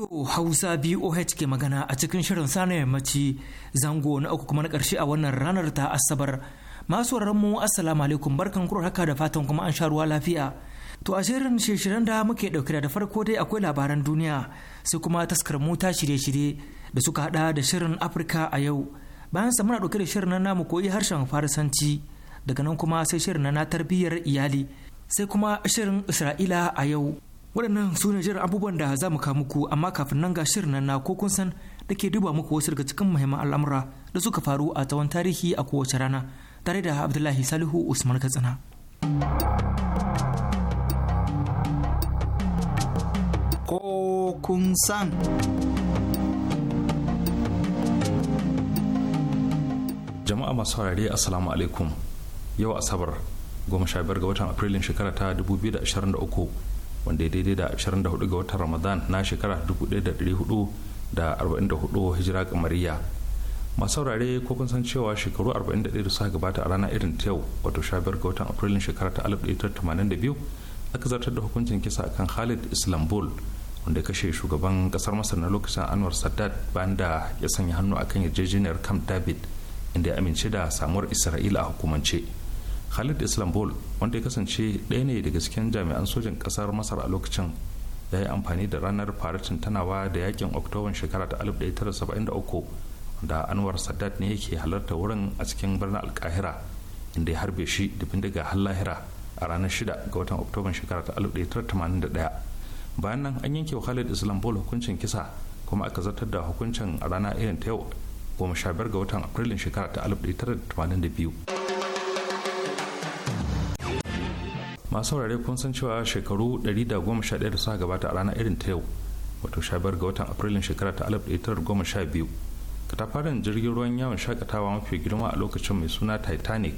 Radio Hausa BOH ke magana a cikin shirin sana yammaci zango na uku kuma na ƙarshe a wannan ranar ta Asabar. Masu mu Assalamu alaikum barkan kuro haka da fatan kuma an sha ruwa lafiya. To a shirin shirin da muke ɗauke da farko dai akwai labaran duniya sai kuma taskar mota shirye-shirye da suka haɗa da shirin Afirka a yau. Bayan sa muna ɗauke da shirin na mu koyi harshen Farisanci daga nan kuma sai shirin na tarbiyyar iyali sai kuma shirin Isra'ila a yau. waɗannan su ne jiran abubuwan da za mu kawo muku amma kafin nan ga shirin nan na ko kun san da ke duba muku wasu daga cikin muhimman al'amura da suka faru a tsawon tarihi a kowace rana tare da abdullahi salihu usman katsina ko kun san jama'a masu harare assalamu alaikum yau asabar 15 ga watan afrilun shekara ta 2023 wanda ya daidai da 24 ga watan ramadan na shekara 1444 hijira kamariya masu saurare ko kun san cewa shekaru 41 da suka gabata a rana irin ta yau wato shabiyar ga watan afrilun shekara ta 1982 aka zartar da hukuncin kisa kan khalid islambul wanda ya kashe shugaban kasar masar na lokacin anwar sadat bayan da ya sanya hannu akan yarjejeniyar camp david inda ya amince da samuwar isra'ila a hukumance khalid islambol wanda ya kasance ɗaya ne daga cikin jami'an sojin ƙasar masar a lokacin ya yi amfani da ranar faratin tanawa da yakin oktoban shekara ta 1973 da anwar sadat ne yake halarta wurin a cikin birnin alkahira inda ya harbe shi da bindiga har lahira a ranar 6 ga watan oktoban shekara ta 1981 bayan nan an yanke wa khalid islambol hukuncin kisa kuma aka zartar da hukuncin a rana irin ta yau 15 ga watan afrilun shekara ta 1982 masu saurare kun san cewa shekaru 111 da suka gabata a ranar irin ta yau wato shabiyar ga watan afrilun shekara ta 1912 katafaren jirgin ruwan yawon shakatawa mafi girma a lokacin mai suna titanic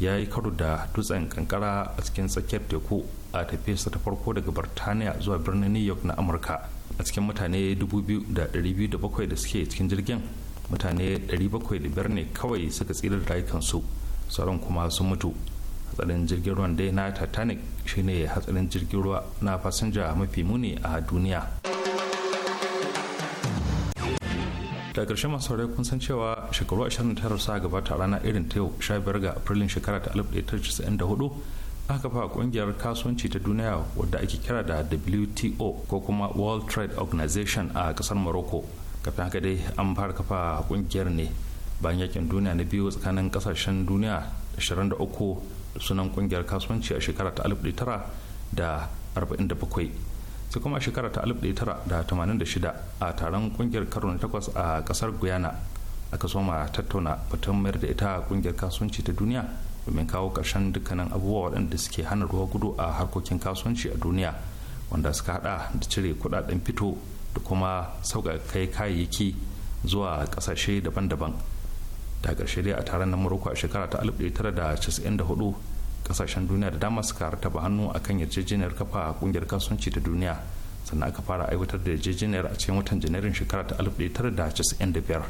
ya yi karo da dutsen kankara a cikin tsakiyar teku a tafiyarsa ta farko daga birtaniya zuwa birnin new york na amurka a cikin mutane 2,207 da suke cikin jirgin mutane 700 ne kawai suka tsira da rayukansu sauran kuma sun mutu hatsarin jirgin ruwan dai na titanic shine hatsarin jirgin ruwa na fasinja mafi muni a duniya da ƙarshe masu saurari kun san cewa shekaru 29 sa gabata rana irin ta yau 15 ga afrilun shekara ta 1994 aka kafa kungiyar kasuwanci ta duniya wadda ake kira da WTO ko kuma World Trade Organization a kasar Morocco kafin haka dai an fara kafa kungiyar ne bayan yakin duniya na biyu tsakanin kasashen duniya 23 sunan kungiyar kasuwanci a shekara ta 1947 sai kuma a shekara ta 1986 a taron kungiyar karo na takwas a kasar guyana aka soma tattauna batun mayar da ita kungiyar kasuwanci ta duniya domin kawo ƙarshen dukkanin abubuwa waɗanda suke hana ruwa gudu a harkokin kasuwanci a duniya wanda suka hada da cire kudaden fito da kuma sauƙaƙa kai kayayyaki zuwa ƙasashe daban-daban da ƙarshe dai a taron na morocco a shekara ta 1994 kasashen duniya da dama suka rataba hannu a akan yarjejeniyar kafa kungiyar kasuwanci ta duniya sannan aka fara aiwatar da yarjejeniyar a cikin watan janairun shekara ta 1995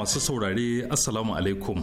masu saurare assalamu alaikum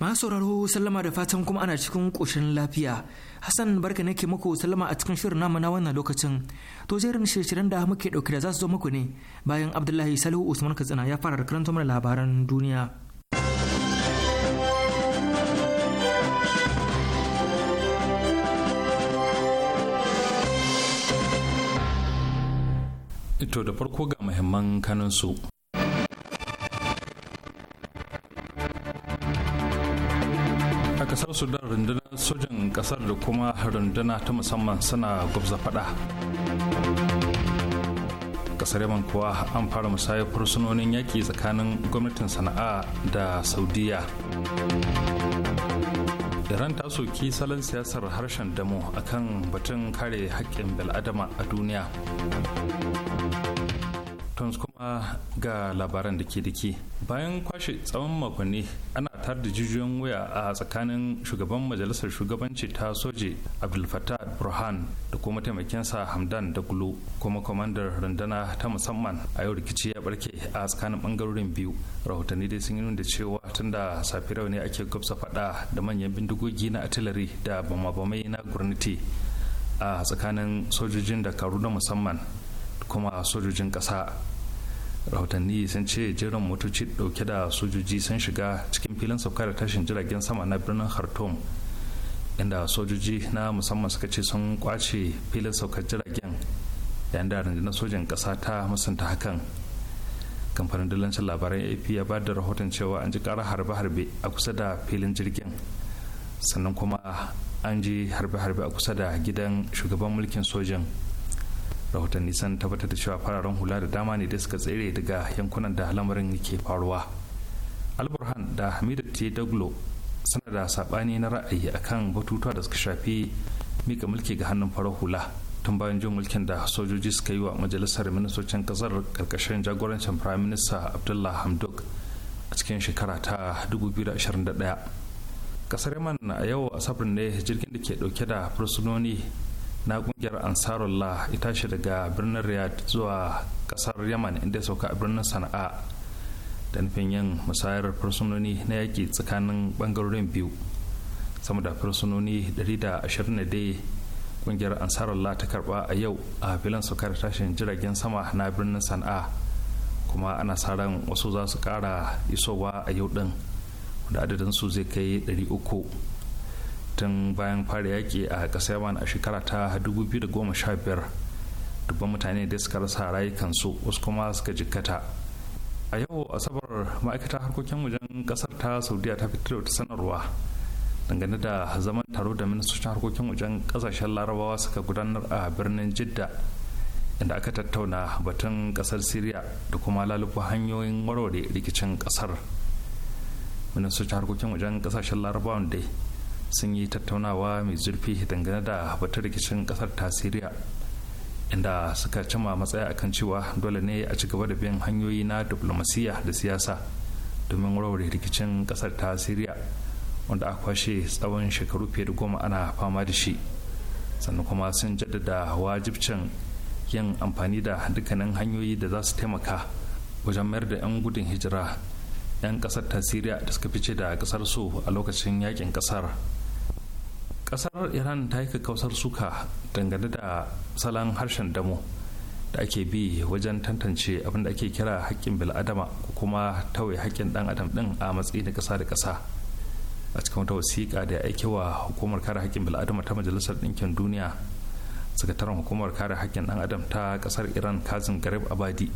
masu sallama da fatan kuma ana cikin ƙoshin lafiya hassan barka ne ke muku sallama a cikin shirin namu na wannan lokacin to jerin shirin da muke dauke da za su zo muku ne bayan abdullahi salihu usman katsina ya fara karanta mana labaran duniya to da farko ga muhimman kanansu sudan rundunar sojan kasar da kuma runduna ta musamman suna gwabza fada kasar yaman kuwa an fara musayar fursunonin yaƙi tsakanin gwamnatin sana'a da saudiya iran ta soki salon siyasar harshen damo akan batun kare haƙƙin bil'adama a duniya kuma ga labaran da ke dake bayan kwashe tsawon makonni ana tar da jijiyoyin wuya a tsakanin shugaban majalisar shugabanci ta soje abdul burhan da kuma taimakinsa hamdan da gulo kuma kwamandar rundana ta musamman a yau rikici ya barke a tsakanin bangarorin biyu rahotanni dai sun yi nuna cewa tun da safi rauni ake gwabsa fada da manyan bindigogi na artillery da bamabamai na gwamnati a tsakanin sojojin da karu na musamman kuma sojojin ƙasa rahotanni sun ce jerin motoci dauke da sojoji sun shiga cikin filin saukar da tashin jiragen sama na birnin khartoum inda sojoji na musamman suka ce sun kwace filin saukar jiragen yayin da rundunar sojan kasa ta musanta hakan kamfanin dalancin labaran ap ya ba da rahoton cewa an ji kara harbe-harbe a kusa da filin jirgin sannan kuma an ji harbe-harbe a kusa da gidan shugaban mulkin sojan rahotanni sun tabbatar da cewa fararen hula da dama ne da suka tsere daga yankunan da lamarin yake faruwa alburhan da hamidu t daglo suna da saɓani na ra'ayi a kan batutuwa da suka shafi mika mulki ga hannun farar hula tun bayan jin mulkin da sojoji suka yi wa majalisar ministocin kasar karkashin jagorancin prime minister abdullah hamdok a cikin shekara ta 2021 kasar yaman na yau a sabrin ne jirgin da ke dauke da fursunoni na kungiyar ansarullah ya tashi daga birnin riyadh zuwa kasar yaman inda sauka a birnin sana'a da nufin yin musayar fursunoni na yaƙi tsakanin bangarorin biyu sama da fursunoni 120 dai kungiyar ansarullah ta karba a yau a filin saukar tashin jiragen sama na birnin sana'a kuma ana sa ran wasu za su kara isowa a yau din da adadin su zai kai 300 tun bayan fara yaƙi a ƙasar yaman a shekara ta goma sha biyar dubban mutane da suka rasa rayukansu wasu kuma suka jikkata a yau asabar ma'aikatar harkokin wajen ƙasar ta saudiya ta fitar da sanarwa dangane da zaman taro da ministocin harkokin wajen ƙasashen larabawa suka gudanar a birnin jidda inda aka tattauna batun ƙasar syria da kuma lalubu hanyoyin warware rikicin ƙasar ministocin harkokin wajen ƙasashen larabawan dai sun yi tattaunawa mai zurfi dangane da batun rikicin kasar ta siriya inda suka cima matsaya akan cewa dole ne a ci gaba da bin hanyoyi na diplomasiyya da siyasa domin warware rikicin kasar ta siriya wanda a kwashe tsawon shekaru fiye da goma ana fama da shi sannan kuma sun jaddada wajibcin yin amfani da dukkanin hanyoyi da za su taimaka wajen mayar da 'yan gudun hijira 'yan kasar ta siriya da suka fice da kasar su a lokacin yakin kasar kasar iran ta yi kakkausar suka dangane da salon harshen damo da ake bi wajen tantance abin da ake kira haƙƙin bil'adama ko kuma tawaye haƙƙin ɗan adam ɗin a matsayi na ƙasa da ƙasa a cikin wata wasiƙa da ya aiki wa hukumar kare haƙƙin bil'adama ta majalisar ɗinkin duniya sakataren hukumar kare haƙƙin ɗan adam ta ƙasar iran kazin garib abadi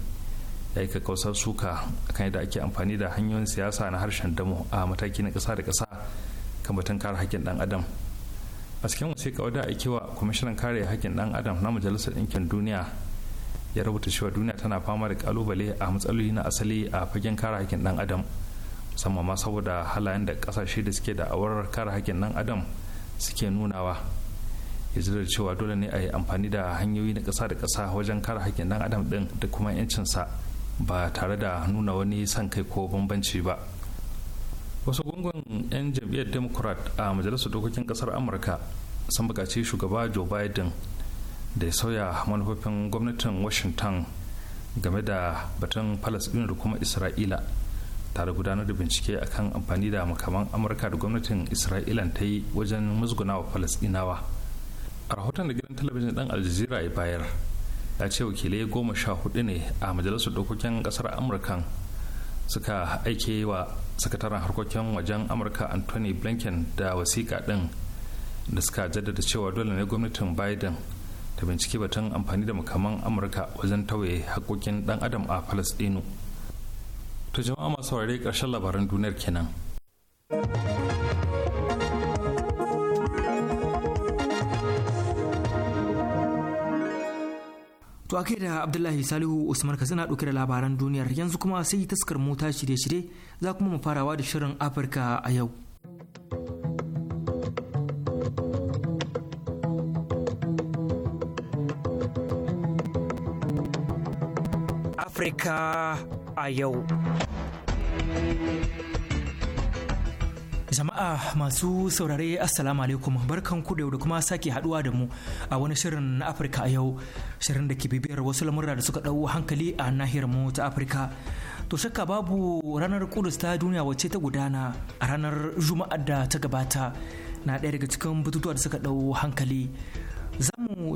ya yi kakkausar suka kan yadda ake amfani da hanyoyin siyasa na harshen damo a mataki na ƙasa da ƙasa kan batun kare haƙƙin ɗan adam a cikin ka wadda ake wa kwamishinan kare haƙƙin ɗan adam na majalisar ɗinkin duniya ya rubuta cewa duniya tana fama da kalubale a matsaloli na asali a fagen kare haƙƙin ɗan adam musamman ma saboda halayen da kasashe da suke da awar kare haƙƙin ɗan adam suke nunawa ya da cewa dole ne a yi amfani da hanyoyi na ƙasa da ƙasa wajen kare haƙƙin ɗan adam ɗin da kuma 'yancinsa ba tare da nuna wani son kai ko bambanci ba wasu gungun 'yan jam'iyyar democrat a majalisar dokokin kasar amurka sun buƙaci shugaba joe biden da ya sauya manufofin gwamnatin washington game da batun palestine da kuma isra'ila tare gudanar da bincike akan amfani da makaman amurka da gwamnatin isra'ila ta yi wajen musgunawa palestinawa a rahoton da gidan talabijin dan aljazira ya bayar ya ce wakilai goma sha hudu ne a majalisar dokokin kasar amurka suka aike wa sakataren harkokin wajen amurka anthony blinken da wasiƙa ɗin da suka jaddada cewa dole ne gwamnatin biden ta bincike batun amfani da makaman amurka wajen tauye haƙoƙin ɗan adam a falasɗinu to jama'a masu saurare ƙarshen labaran duniyar kenan To akai da Abdullahi Salihu Usman ka suna ɗauke da labaran duniyar yanzu kuma sai taskar mota shirye-shirye za kuma mu farawa da shirin Afirka a yau. Afirka a yau. Jama'a masu saurare Assalamu alaikum barkan ku da kuma sake haduwa da mu a wani shirin na Afirka a yau shirin da ke bibiyar wasu lamurra da suka dau hankali a nahiyar mu ta Afirka. To shakka babu ranar kudus ta duniya wacce ta gudana a ranar Juma'ar da ta gabata na ɗaya daga cikin batutuwa da suka dau hankali.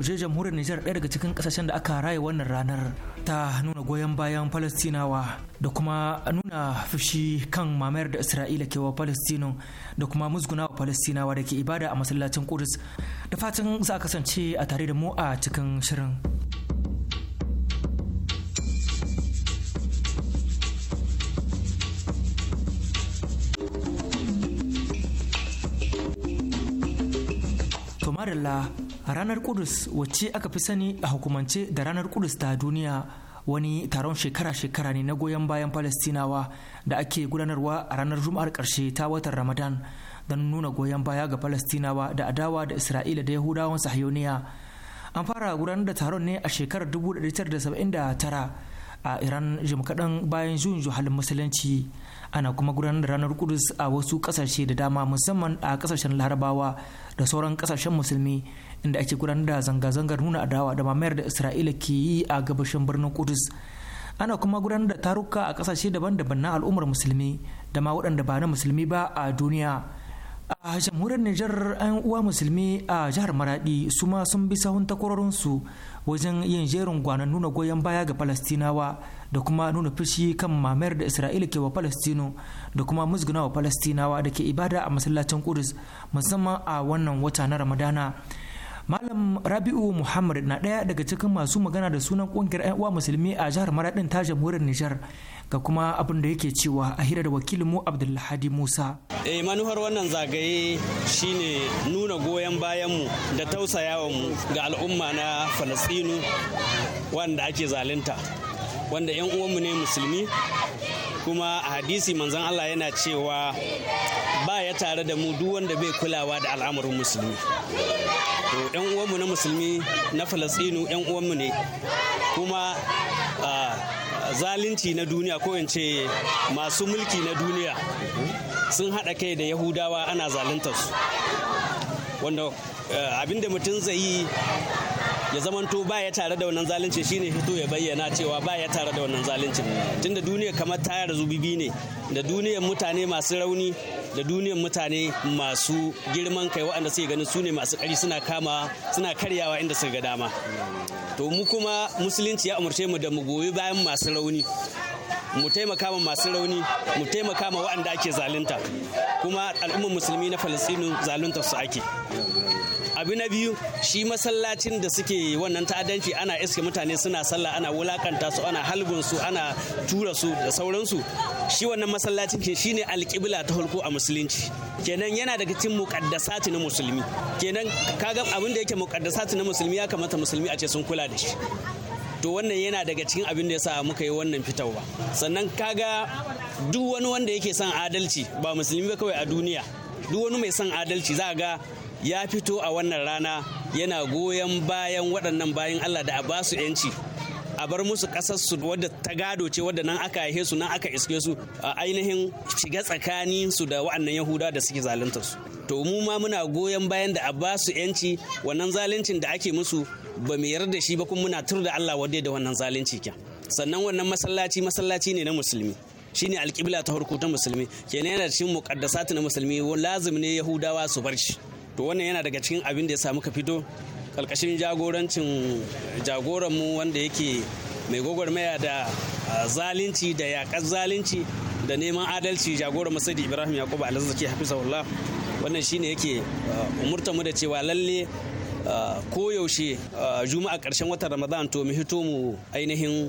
je jamhuriyar Nijar ɗaya daga cikin ƙasashen da aka raye wannan ranar ta nuna goyon bayan Falastinawa da kuma nuna fushi kan mamayar da Isra'ila ke wa Falastino da kuma musgunawa Falastinawa da ke ibada a masallacin Kudus da fatan za a kasance a tare da mu a cikin shirin. Madalla ranar Kudus wacce aka fi sani a hukumance da ranar Kudus ta duniya wani taron shekara-shekara ne na goyon bayan Falastinawa da ake gudanarwa a ranar Juma'ar karshe ta watan Ramadan don nuna goyon baya ga Falastinawa da adawa da Isra'ila da Yahudawan Sahiyoniya. An fara gudanar da taron ne a shekarar 1979 a Iran jim kaɗan bayan juyin juhalin musulunci. ana kuma gudanar da ranar kudus a wasu kasashe da dama musamman a kasashen larabawa da sauran kasashen musulmi inda ake gudanar da zanga-zangar nuna adawa da mamayar da isra'ila ke yi a gabashin birnin kudus ana kuma gudanar da taruka a kasashe daban-daban na al'ummar musulmi da ma waɗanda ba na musulmi ba a duniya a jamhuriyar Nijar 'yan uwa musulmi a jihar Maradi su ma sun bi sahun takwarorinsu wajen yin jerin gwanon nuna goyon baya ga Falastinawa da kuma nuna fushi kan mamayar da Isra'ila ke wa Falastino da kuma musgunawa Falastinawa da ke ibada a masallacin Kudus musamman a wannan wata na Ramadana. Malam Rabi'u Muhammad na ɗaya daga cikin masu magana da sunan ƙungiyar 'yan uwa musulmi a jihar Maraɗin ta jamhuriyar Nijar ga kuma abin da yake cewa a hira da mu Abdullahi Musa. E manuhar wannan zagaye shine nuna goyon bayan mu da tausayawa mu ga al'umma na Falastinu wanda ake zalunta wanda 'yan uwanmu ne musulmi kuma a hadisi manzan Allah yana cewa ba ya tare da mu duk wanda bai kulawa da al'amarin musulmi to ɗan uwanmu na musulmi na falastinu yan uwanmu ne kuma zalunci na duniya ko in ce masu mulki na duniya sun haɗa kai da yahudawa ana zaluntar su wanda eh, abinda mutum zai yi ya zamanto ba ya tare da wannan zalunci shine fito ya bayyana cewa ba ya tare da wannan zalunci tunda duniya kamar ta da zubibi ne da duniyar mutane masu rauni da duniyar mutane masu girman kai waɗanda suke ganin su ne masu ƙari suna kama suna karyawa inda suka ga dama to mu kuma musulunci ya umarce mu da mu goyi bayan masu rauni mu taimaka ma masu rauni mu taimaka ma waɗanda ake zalunta kuma al'ummar musulmi na Falasinu zalunta su ake abu na biyu shi masallacin da suke wannan ta'addanci ana iske mutane suna sallah ana wulakanta su ana halbin su ana tura su da sauransu shi wannan masallacin ke shine alƙibla ta hulku a musulunci kenan yana daga cikin muqaddasati na musulmi kenan kaga abin da yake muqaddasati na musulmi ya kamata musulmi a ce sun kula da shi to wannan yana daga cikin abin da yasa muka yi wannan fitarwa sannan kaga duk wani wanda yake son adalci ba musulmi ba kawai a duniya duk wani mai son adalci za ga ya fito a wannan rana yana goyon bayan waɗannan bayan Allah da a ba su 'yanci a bar musu ƙasar su wadda ta gado ce wadda nan aka haife su nan aka iske su a ainihin shiga tsakanin su da wa'annan yahuda da suke zaluntar su to mu ma muna goyon bayan da a ba su yanci wannan zaluncin da ake musu ba mu yarda shi ba kuma muna tur da Allah wadda da wannan zalunci kyan sannan wannan masallaci masallaci ne na musulmi shine alƙibla ta harko ta musulmi kenan yana cikin muƙaddasatu na musulmi lazim ne yahudawa su bar shi to wannan yana daga cikin abin da ya samu ka fito kalkashin jagorancin jagoranmu wanda yake mai gwagwarmaya da zalunci da yakar zalunci da neman adalci jagoran masadi ibrahim yakubu alazaki wallah wannan shine yake umurta mu da cewa lalle koyaushe juma'a karshen watan ramadan to mu hito mu ainihin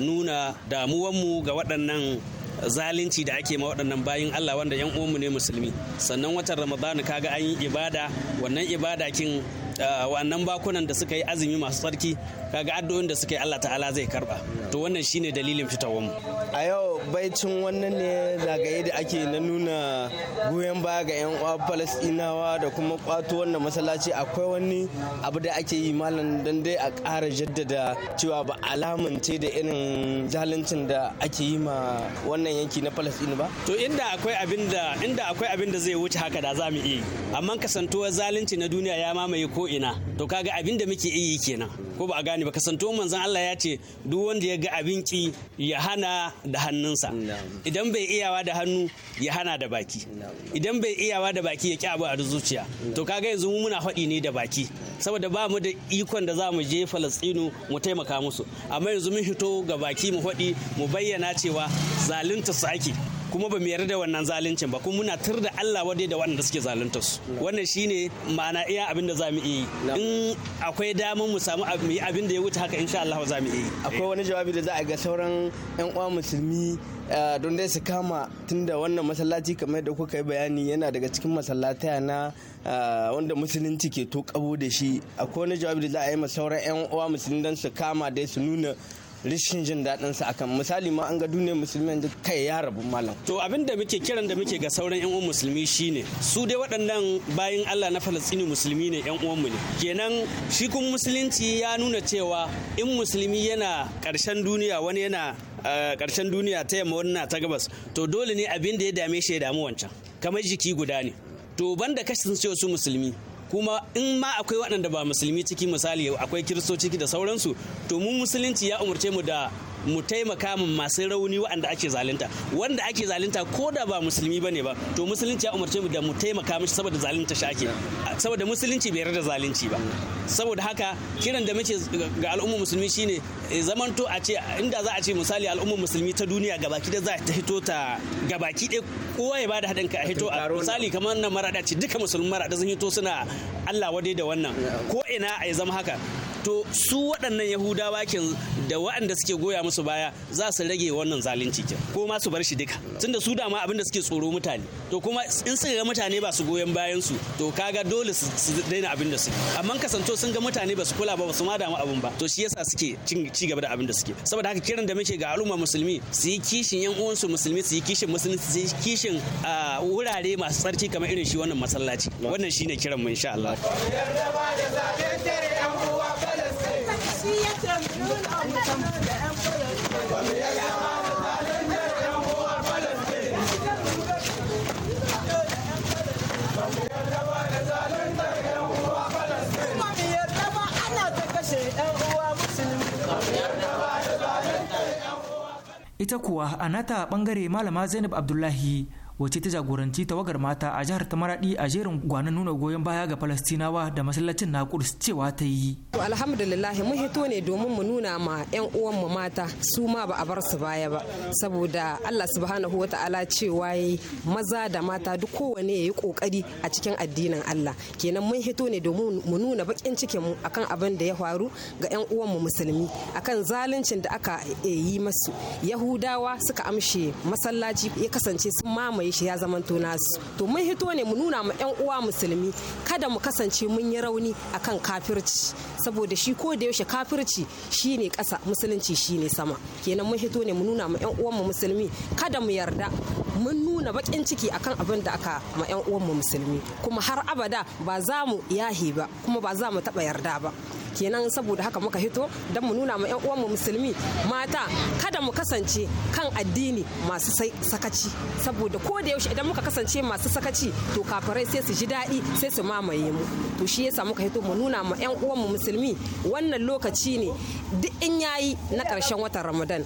nuna damuwanmu ga waɗannan zalunci da ake ma waɗannan bayin Allah wanda yan uwanmu ne musulmi sannan watan Ramadana kaga an yi ibada wannan ibada kin wannan bakunan da suka yi azumi masu tsarki kaga addu'o'in da suka yi Allah ta'ala zai karba to wannan shine dalilin fitawar mu a yau baicin wannan ne zagaye da ake na nuna goyon baya ga yan uwa Falastinawa da kuma kwato wannan masallaci akwai wani abu da ake yi malam dan dai a ƙara jaddada cewa ba alamance da irin zaluncin da ake yi ma wannan yanki na Falastinu ba to inda akwai abin da inda akwai abin da zai wuce haka da za mu iya amma kasantuwar zalunci na duniya ya mamaye ko ko ina to kaga abin da muke yi kenan ko ba a gane ba kasanto manzon Allah ya ce duk wanda ya ga abin ki ya hana da hannunsa idan bai iyawa da hannu ya hana da baki idan bai iyawa da baki ya ki abu a zuciya to kaga yanzu mu muna faɗi ne da baki saboda ba mu da ikon da za mu je Falastinu mu taimaka musu amma yanzu mun hito ga baki mu faɗi mu bayyana cewa zalunta su ake kuma ba mu yarda da wannan zaluncin ba kuma muna tur da Allah wadai da wanda suke zalunta su wannan shine ma'ana iya abin da za mu yi in akwai dama mu samu abin da ya wuce haka insha Allah za mu yi akwai wani jawabi da za a ga sauran yan uwa musulmi eh, don dai su kama tunda wannan masallaci kamar da kuka yi bayani yana daga cikin masallataya na eh, wanda musulunci ke to kabo da shi akwai wani jawabi da za a yi ma sauran yan uwa musulmi don su kama dai su nuna rishin jin daɗin sa akan misali ma an ga duniyar musulmi da kai ya rabu malam to abin da muke kiran da muke ga sauran yan uwan musulmi shine su dai waɗannan bayin Allah na Falastini musulmi ne yan uwanmu ne kenan shi kun musulunci ya nuna cewa in musulmi yana ƙarshen duniya wani yana eh, ƙarshen duniya ta yamma wannan ta gabas to dole ne abin da ya dame shi ya damu wancan kamar jiki guda ne to banda kashin su musulmi kuma in ma akwai waɗanda ba musulmi ciki misali akwai kiristoci da sauransu to mu musulunci ya umarce mu da mu taimaka mu masu rauni waɗanda ake zalunta wanda ake zalunta ko da ba musulmi bane ba to musulunci ya umarce mu da mu taimaka mishi saboda zalunta shi ake saboda musulunci bai yarda zalunci ba saboda haka kiran da muke ga al'ummar musulmi shine zamanto a ce inda za a ce misali al'ummar musulmi ta duniya gabaki da za ta hito ta gabaki ɗaya kowa ya bada haɗin ka a hito a misali kamar nan maraɗa ce duka musulmi maraɗa sun hito suna Allah wadai da wannan ko ina a zama haka to su waɗannan yahudawa kin da waɗanda suke goya musu su baya za su rage wannan zalunci ke ko ma su bar shi duka tunda su dama abinda suke tsoro mutane to kuma in suka ga mutane ba su goyon bayan su to kaga dole su daina abinda su, amma kasanto sun ga mutane ba su kula ba su ma damu abin ba to shi yasa suke ci gaba da abinda suke saboda haka kiran da muke ga al'umma musulmi su yi kishin yan uwansu musulmi su yi kishin musulmi su yi kishin wurare masu tsarki kamar irin shi wannan masallaci wannan shine kiran mu insha Allah shi ya tambayi da ita kuwa a nata bangare malama zainab abdullahi wacce ta jagoranci tawagar mata a jihar ta maradi a jerin gwanin nuna goyon baya ga falastinawa da masallacin na kudus cewa ta yi to alhamdulillah mun hito ne domin mu nuna ma yan uwan mu mata su ma ba a bar su baya ba saboda Allah subhanahu wataala cewa yi maza da mata duk kowane yayi kokari a cikin addinin Allah kenan mun hito ne domin mu nuna bakin cikin mu akan abin da ya faru ga yan uwan mu musulmi akan zaluncin da aka eh, yi masu yahudawa suka amshe masallaci ya kasance sun mamaye kewaye shi ya zama to nasu to mun hito ne mu nuna ma yan uwa musulmi kada mu kasance mun yi rauni akan kafirci saboda shi ko da yaushe kafirci shine kasa musulunci shine sama kenan mun hito ne mu nuna ma yan uwanmu musulmi kada mu yarda mun nuna bakin ciki akan abin da aka ma yan uwanmu musulmi kuma har abada ba za mu yahi ba kuma ba za mu taba yarda ba kenan saboda haka muka hito don mu nuna ma 'yan uwan mu musulmi mata kada mu kasance kan addini masu sakaci saboda ko da yaushe idan muka kasance masu sakaci to kafirai sai su ji daɗi sai su mamaye mu to shi yasa muka hito mu nuna ma 'yan uwan mu musulmi wannan lokaci ne duk in yayi na ƙarshen watan ramadan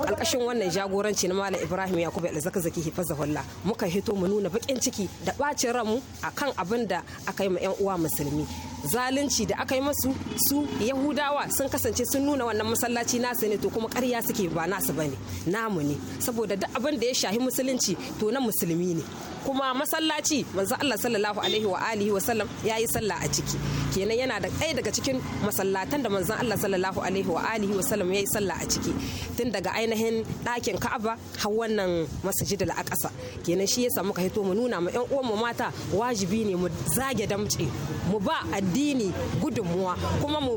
alkashin wannan jagoranci na malam ibrahim yakubu hifa hifazahulla muka hito mu nuna bakin ciki da bacin ranmu kan abin da aka yi ma yan uwa musulmi zalunci da aka yi masu su yahudawa sun kasance sun nuna wannan masallaci nasu ne to kuma karya suke ba nasu bane namu ne saboda duk abin da ya shahi musulunci to na musulmi ne kuma masallaci manzo Allah sallallahu alaihi wa alihi wa sallam yayi sallah a ciki kenan yana da ɗaya daga cikin masallatan da manzon Allah sallallahu alaihi wa alihi wa sallam yayi sallah a ciki tun daga ainihin ɗakin Ka'aba har wannan masjid al-Aqsa kenan shi ya yasa ka hito mu nuna ma ƴan uwan mu mata wajibi ne mu zage damce. mu ba addini gudunmuwa kuma mu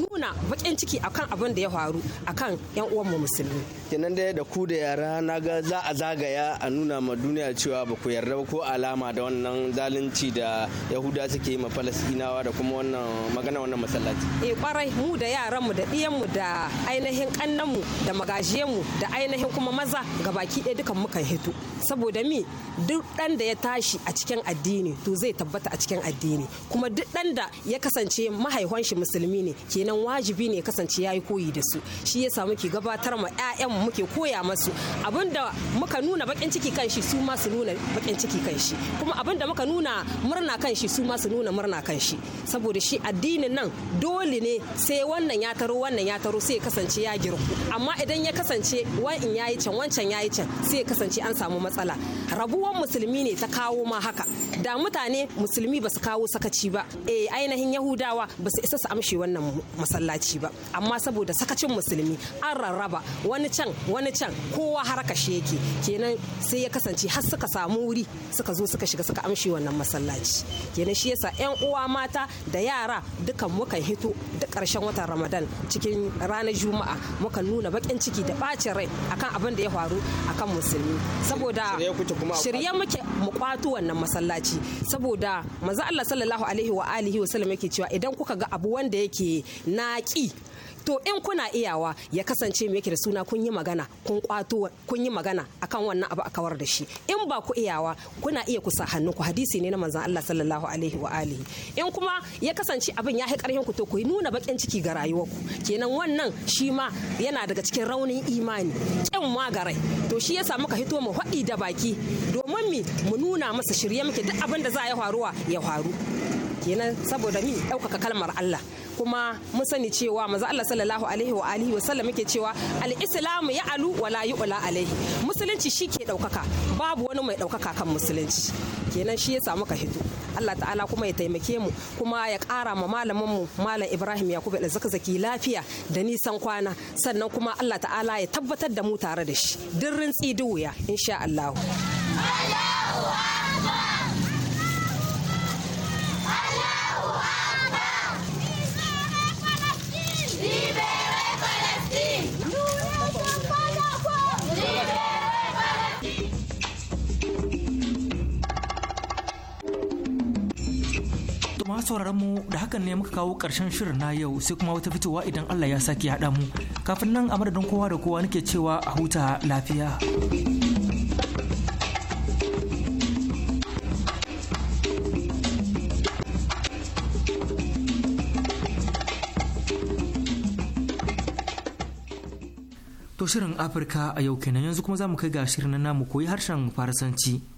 nuna muna bakin ciki akan abin da ya faru akan yan uwan mu musulmi kenan dai da ku da yara na ga za a zagaya a nuna ma duniya cewa ba ku yarda ko alama da wannan zalunci da yahuda suke yi ma falasinawa da kuma wannan magana wannan masallaci eh kwarai mu da yaran mu da ɗiyan mu da ainihin kannan mu da magajiyan mu da ainihin kuma maza ga baki ɗaya dukan mukan hito saboda mi duk ɗan da ya tashi a cikin addini to zai tabbata a cikin addini kuma duk ɗan da ya kasance mahaihwan shi musulmi ne kenan wajibi ne kasance ya yi koyi da su shi yasa muke gabatar ma yayan mu muke koya masu abinda muka nuna bakin ciki kan shi su ma nuna bakin ciki kan shi kuma abinda muka nuna murna kan shi su ma nuna murna kan shi saboda shi addinin nan dole ne sai wannan ya taro wannan ya taro sai kasance ya girku amma idan ya kasance wa'in yayi can wancan yayi can sai kasance an samu matsala rabuwan musulmi ne ta kawo ma haka da mutane musulmi ba su kawo sakaci ba eh ainihin yahudawa ba su isa su amshe wannan masala masallaci ba amma saboda sakacin musulmi an rarraba wani can wani can kowa shi yake kenan sai ya kasance har suka samu wuri suka zo suka shiga suka amshi wannan masallaci kenan shi yasa yan uwa mata da yara dukan muka hito da ƙarshen watan ramadan cikin ranar juma'a muka nuna bakin ciki da bacin rai akan abin da ya faru akan musulmi saboda shirye muke mu kwato wannan masallaci saboda manzo Allah sallallahu alaihi wa alihi wa sallam yake cewa idan kuka ga abu wanda yake na na to in kuna iyawa ya kasance me yake da suna kun yi magana kun kwato kun yi magana akan wannan abu a kawar da shi in ba ku iyawa kuna iya kusa hannu ku hadisi ne na manzon Allah sallallahu alaihi wa alihi in kuma ya kasance abin ya hi karhin ku to ku nuna bakin ciki ga rayuwar ku kenan wannan shi ma yana daga cikin raunin imani kin ma ga rai to shi yasa muka hito mu haɗi da baki domin mi mu nuna masa shirye muke duk abin da za ya faruwa ya faru kenan saboda mi ɗaukaka kalmar Allah kuma mun sani cewa Maza Allah sallallahu alaihi wa alihi wa sallam yake cewa al-islamu ya alu wala yu'la alaihi musulunci shi ke daukaka babu wani mai daukaka kan musulunci kenan shi ya samu ka hito Allah ta'ala kuma ya taimake mu kuma ya kara ma malamin mu malam Ibrahim Yakubu da zaka zaki lafiya da nisan kwana sannan kuma Allah ta'ala ya tabbatar da mu tare da shi dirrin wuya insha Allah Allahu Akbar sauraron mu da hakan ne muka kawo karshen shirin na yau sai kuma wata fitowa idan Allah ya sake haɗa mu. Kafin nan a madadin kowa da kowa nake cewa a huta lafiya. To shirin Afirka a yau kenan yanzu kuma za mu kai ga shirin na namu koyi harshen Farisanci.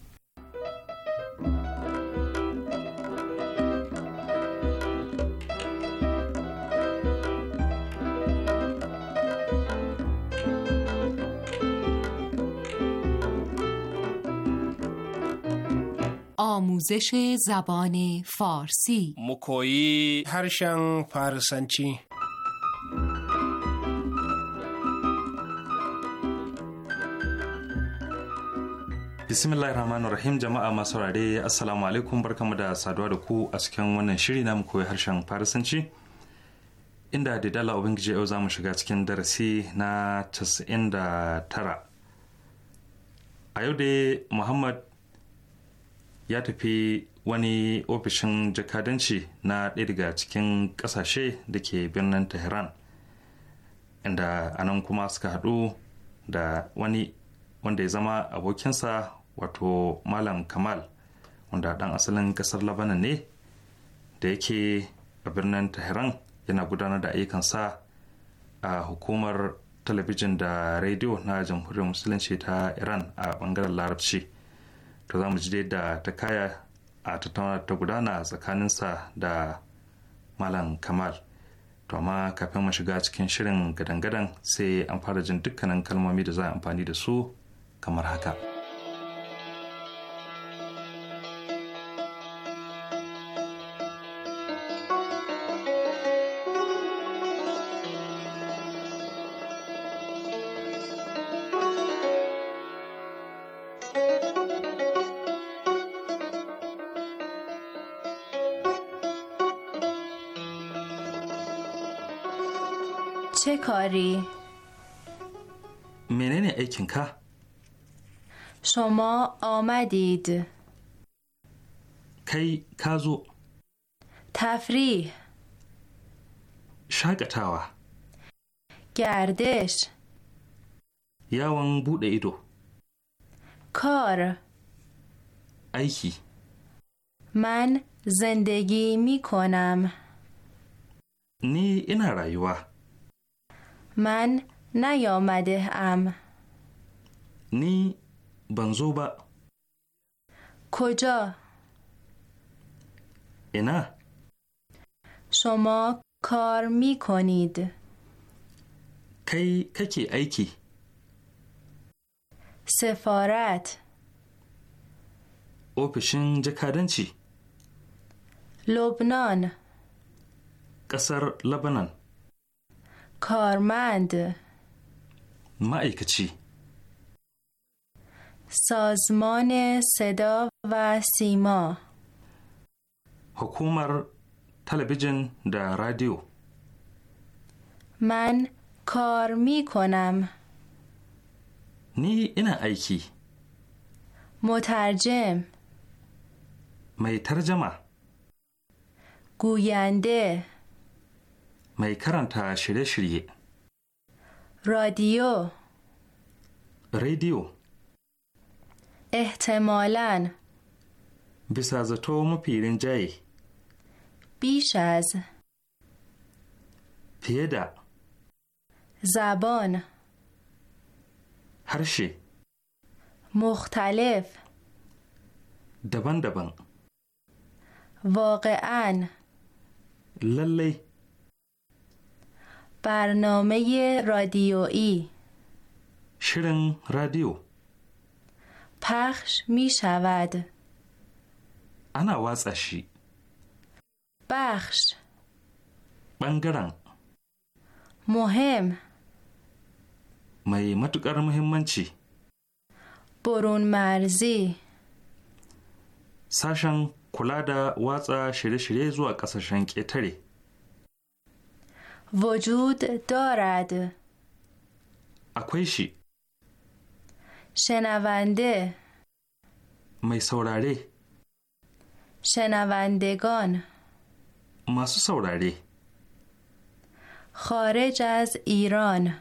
آموزش زبان فارسی مکوی هرشن فارسنچی بسم الله rahim jama'a masu saurare assalamu alaikum barkamu da saduwa da ku a cikin wannan shiri na koyi harshen farisanci inda da dala ubangiji yau zamu shiga cikin darasi na 99 a yau dai muhammad ya tafi wani ofishin jakadanci na ɗaya daga cikin ƙasashe da ke birnin tehran inda anan kuma suka haɗu da wani wanda ya zama abokinsa wato malam kamal wanda ɗan asalin ƙasar labanan ne da yake a birnin tehran yana gudanar da ayyukansa a hukumar talabijin da rediyo na jamhuriyar musulunci ta iran a ɓangaren larabci ta za mu ji da ta kaya a tattauna ta gudana tsakaninsa da malam kamal to amma kafin mu shiga cikin shirin gadan-gadan sai an fara jin dukkanin kalmomi da za a amfani da su kamar haka. کاری؟ منن ایکن که؟ شما آمدید کی کازو تفریح شاگتاوا گردش یاوان بود ایدو کار ایکی من زندگی می کنم نی اینا رایوه من نیامده ام نی بنزوبا کجا اینا شما کار می کنید کی ککی ایکی سفارت اوپشن چی؟ لبنان قصر لبنان کارمند چی؟ سازمان صدا و سیما حکومر تلویزیون در رادیو من کار می کنم نی اینا ایکی مترجم می ترجمه گوینده می تا شده شریه رادیو رادیو احتمالاً بیش از تو مپیرین جایی بیش از پیدا زبان هرشی مختلف دبن دبن واقعا للی برنامه رادیویی شرن رادیو پخش می شود انا وزشی بخش بنگرن مهم mai matuƙar muhimmanci. Borun marzi Sashen kula da watsa shirye-shirye zuwa ƙasashen ƙetare. وجود دارد اکویشی شنونده می سوراره شنوندگان ماسو سوراره خارج از ایران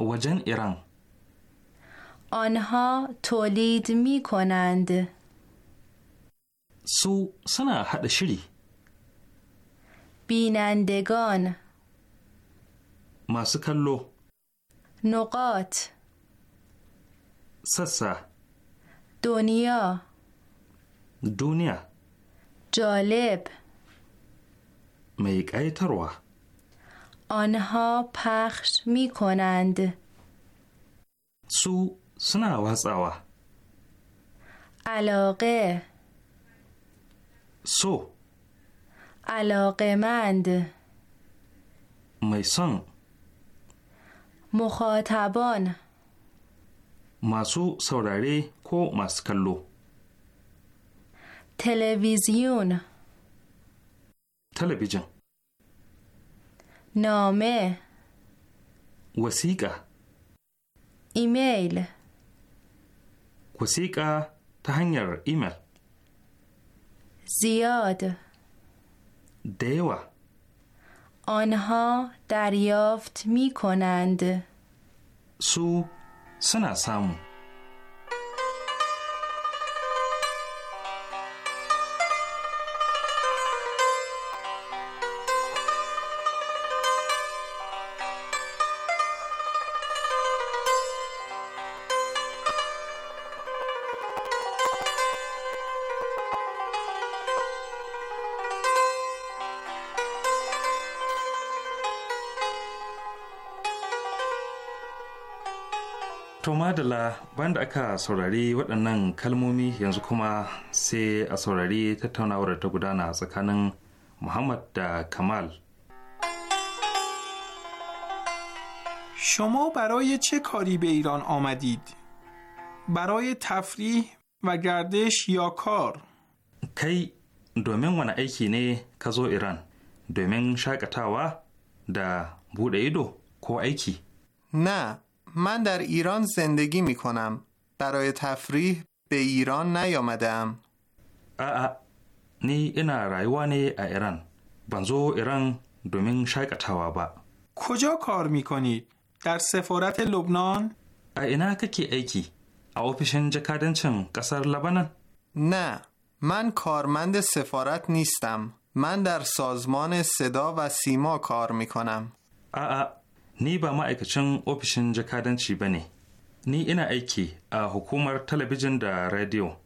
وجن ایران آنها تولید می کنند سو سنا حد شری بینندگان ماسه کلو نقاط سسا دنیا دنیا جالب میکای تروه آنها پخش می کنند سو سنا سوا علاقه سو علاقمند میسان مخاطبان ماسو سوراری کو ماسکلو تلویزیون تلویزیون نامه وسیقه ایمیل وسیقه تهنگر ایمیل زیاد دیوه آنها دریافت می کنند سو سنا To madala bayan da aka saurari waɗannan kalmomi yanzu kuma sai a saurari tattaunawar ta gudana tsakanin Muhammad da Kamal. شما برای چه کاری به ایران آمدید؟ برای تفریح و گردش یا کار؟ کی دومین وانا ایکی نه کزو ایران دومین شاکتاوا دا بود ایدو کو ایکی؟ نه من در ایران زندگی می کنم برای تفریح به ایران نیامده ام نی اینا رایوانی ایران بنزو ایران دومین شاکتاوا با کجا کار می در سفارت لبنان؟ اینا کی؟ ایکی او پیشن جکادنچن قصر لبنان؟ نه من کارمند سفارت نیستم من در سازمان صدا و سیما کار می کنم. ni ba ma'aikacin ofishin jakadanci ba ne, ni ina aiki a hukumar talabijin da radio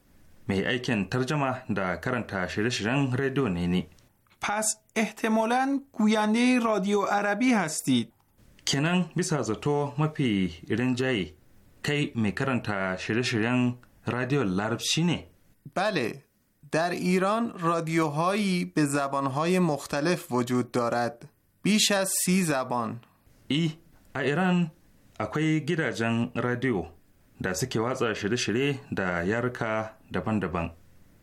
mai aikin tarjama da karanta shirye-shiryen radio ne ne. Pas ehtimolan kuyane radio arabi hasti. Kenan bisa zato mafi irin jai kai mai karanta shirye-shiryen radio larabci ne? Bale, dar Iran radio hayi be zaban hayi دارد wujud darad. Bish az zaban. ایران e, a Iran akwai gidajen radiyo da suke watsa shirye-shirye da yarka daban-daban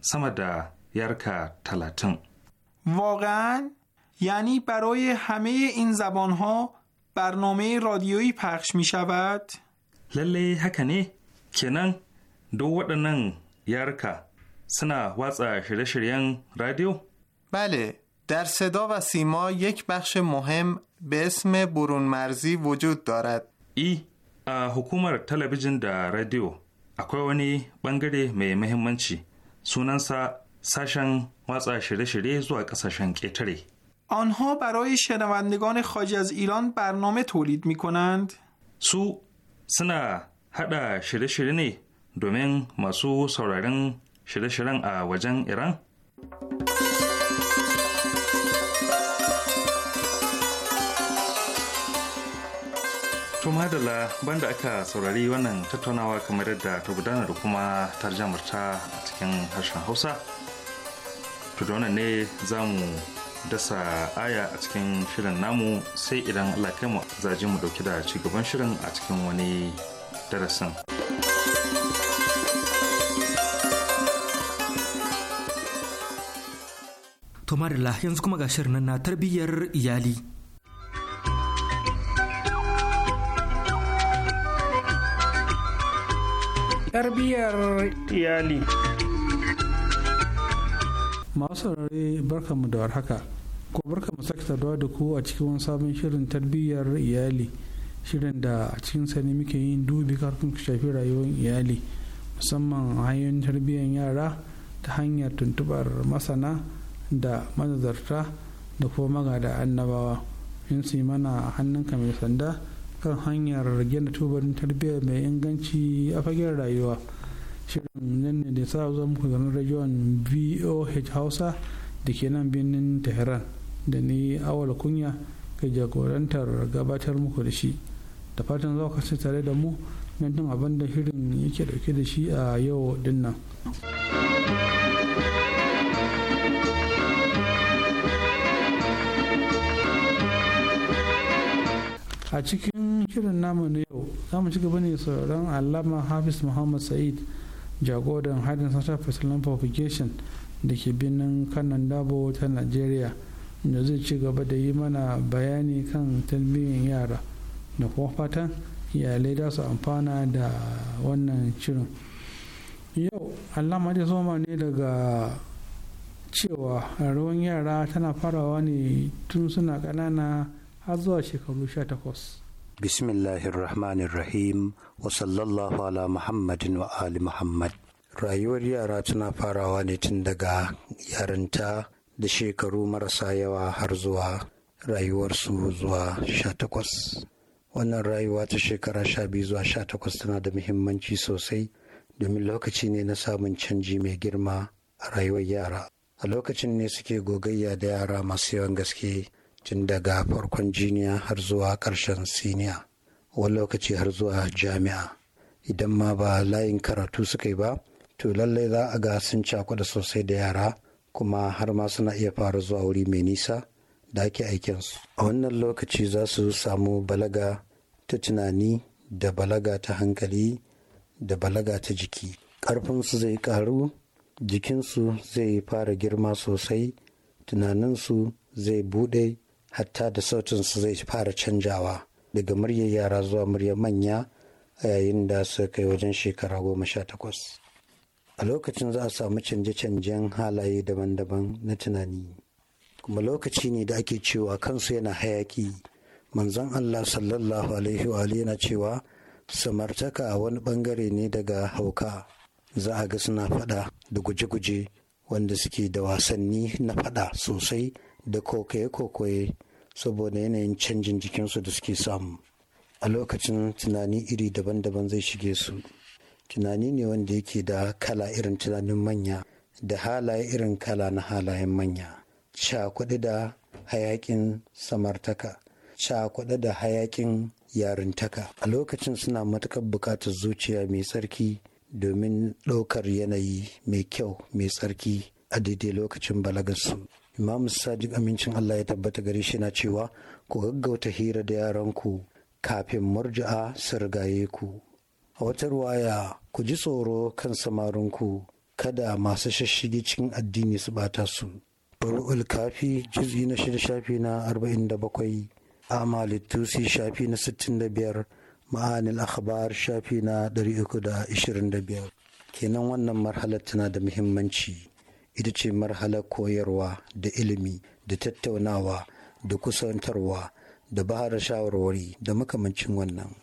sama da yarka talatin. واقعا یعنی برای همه این زبان ها برنامه رادیویی پخش می شود؟ لله هکنه کنن دو ودنن یارکا سنا واتسا شده شریان رادیو؟ بله در صدا و سیما یک بخش مهم به اسم برون مرزی وجود دارد. ای حکومت تلویزیون دا رادیو akwai wani bangare mai muhimmanci sunansa sashen watsa شده shirye zuwa kasashen ƙetare. آنها برای شنوندگان خارج از ایران برنامه تولید می کنند؟ سو سنا حدا شده نی دومین ماسو سورارن شده شدن آ ایران؟ to madalla banda aka saurari wannan tattaunawa kamar yadda ta gudana da kuma tarjamar ta a cikin harshen hausa to da wannan ne za mu dasa aya a cikin shirin namu sai idan allah kai mu zaji mu dauki da cigaban shirin a cikin wani darasin to madalla yanzu kuma ga shirin na tarbiyyar iyali tarbiyyar iyali masu barka mu da warhaka ko mu sake saduwa da ku a cikin wani sabon shirin tarbiyyar iyali shirin da a cikin sani muke yin dubi karfin shafi rayuwar iyali musamman hanyoyin tarbiyyar yara ta hanyar tuntubar masana da manazarta da kuma magada annabawa in su mana hannunka mai sanda kan hanyar gina tubarin tarbiyya mai inganci a fagen rayuwa shirin nan ne da sa zuwa muku zanen rajon voh hausa da ke nan birnin tehran da ni awal kunya ke jagorantar gabatar muku da shi da fatan za kasu tare da mu don abin da shirin yake dauke da shi a yau dinnan. a cikin shirin namu na yau za mu ci gaba ne sauraron allama hafiz muhammad sa'id jagoran hadin center for propagation da ke birnin kanan dabo ta nigeria da zai ci gaba da yi mana bayani kan talbiyyar yara da kuma fatan iyalai da su amfana da wannan shirin yau allama da soma ne daga cewa rawan yara tana farawa ne tun suna ƙanana har zuwa shekaru 18 bismillahirrahmanirrahim wa sallallahu ala muhammadin wa ali muhammad rayuwar yara tana farawa ne tun daga yarinta da shekaru marasa yawa har zuwa rayuwarsu zuwa sha takwas wannan rayuwa ta shekara sha biyu zuwa sha takwas tana da muhimmanci sosai domin lokaci ne na samun canji mai girma a rayuwar yara a lokacin ne suke gogayya da yara masu yawan gaske tun daga farkon jiniya har zuwa ƙarshen siniya wani lokaci har zuwa jami'a idan ma ba layin karatu suka yi ba to lallai za a ga sun cakuda sosai da yara kuma har ma suna iya fara zuwa wuri mai nisa da ake aikinsu a wannan lokaci za su samu balaga ta tunani da balaga ta hankali da balaga ta jiki ƙarfinsu zai ƙaru jikinsu zai fara girma sosai tunaninsu zai buɗe hatta da sautinsu zai fara canjawa daga muryar yara zuwa muryar manya a yayin da su kai wajen shekara goma sha takwas a lokacin za a samu canje-canjen halaye daban-daban na tunani kuma lokaci ne da ake cewa kansu yana hayaki manzon allah sallallahu alaihi wa yana cewa samartaka wani bangare ne daga hauka za a ga suna fada da guje-guje wanda suke da wasanni na fada sosai da kokaye-kokaye saboda yanayin canjin jikinsu da suke samu a lokacin tunani iri daban-daban zai shige su tunani ne wanda yake da kala irin tunanin manya da halaye irin kala na halayen manya Ca cakuɗi da hayakin samartaka Ca cakuɗi da hayakin yarintaka a lokacin suna matukar buƙatar zuciya mai tsarki domin ɗaukar yanayi mai kyau mai tsarki a daidai lokacin balagarsu imam sadiq amincin allah ya tabbata gare shi na cewa ku gaggauta hira da yaranku kafin murja'a su rigaye ku a wata ruwaya ku ji tsoro kan samarinku kada masu shashshigi cikin addini su bata su baru'ul kafi juz'i na shida shafi na arba'in da bakwai amalit tusi shafi na sittin da biyar ma'anil akhbar shafi na ɗari uku da ishirin da biyar kenan wannan marhalar tana da muhimmanci ita ce marhalar koyarwa da ilimi da tattaunawa da kusantarwa da bahar shawarwari da makamancin wannan